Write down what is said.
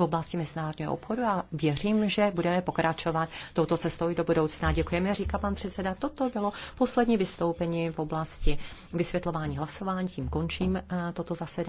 v oblasti mezinárodního obchodu a věřím, že budeme pokračovat touto cestou i do budoucna. Děkujeme, říká pan předseda. Toto bylo poslední vystoupení v oblasti vysvětlování hlasování. Tím končím eh, toto zasedání.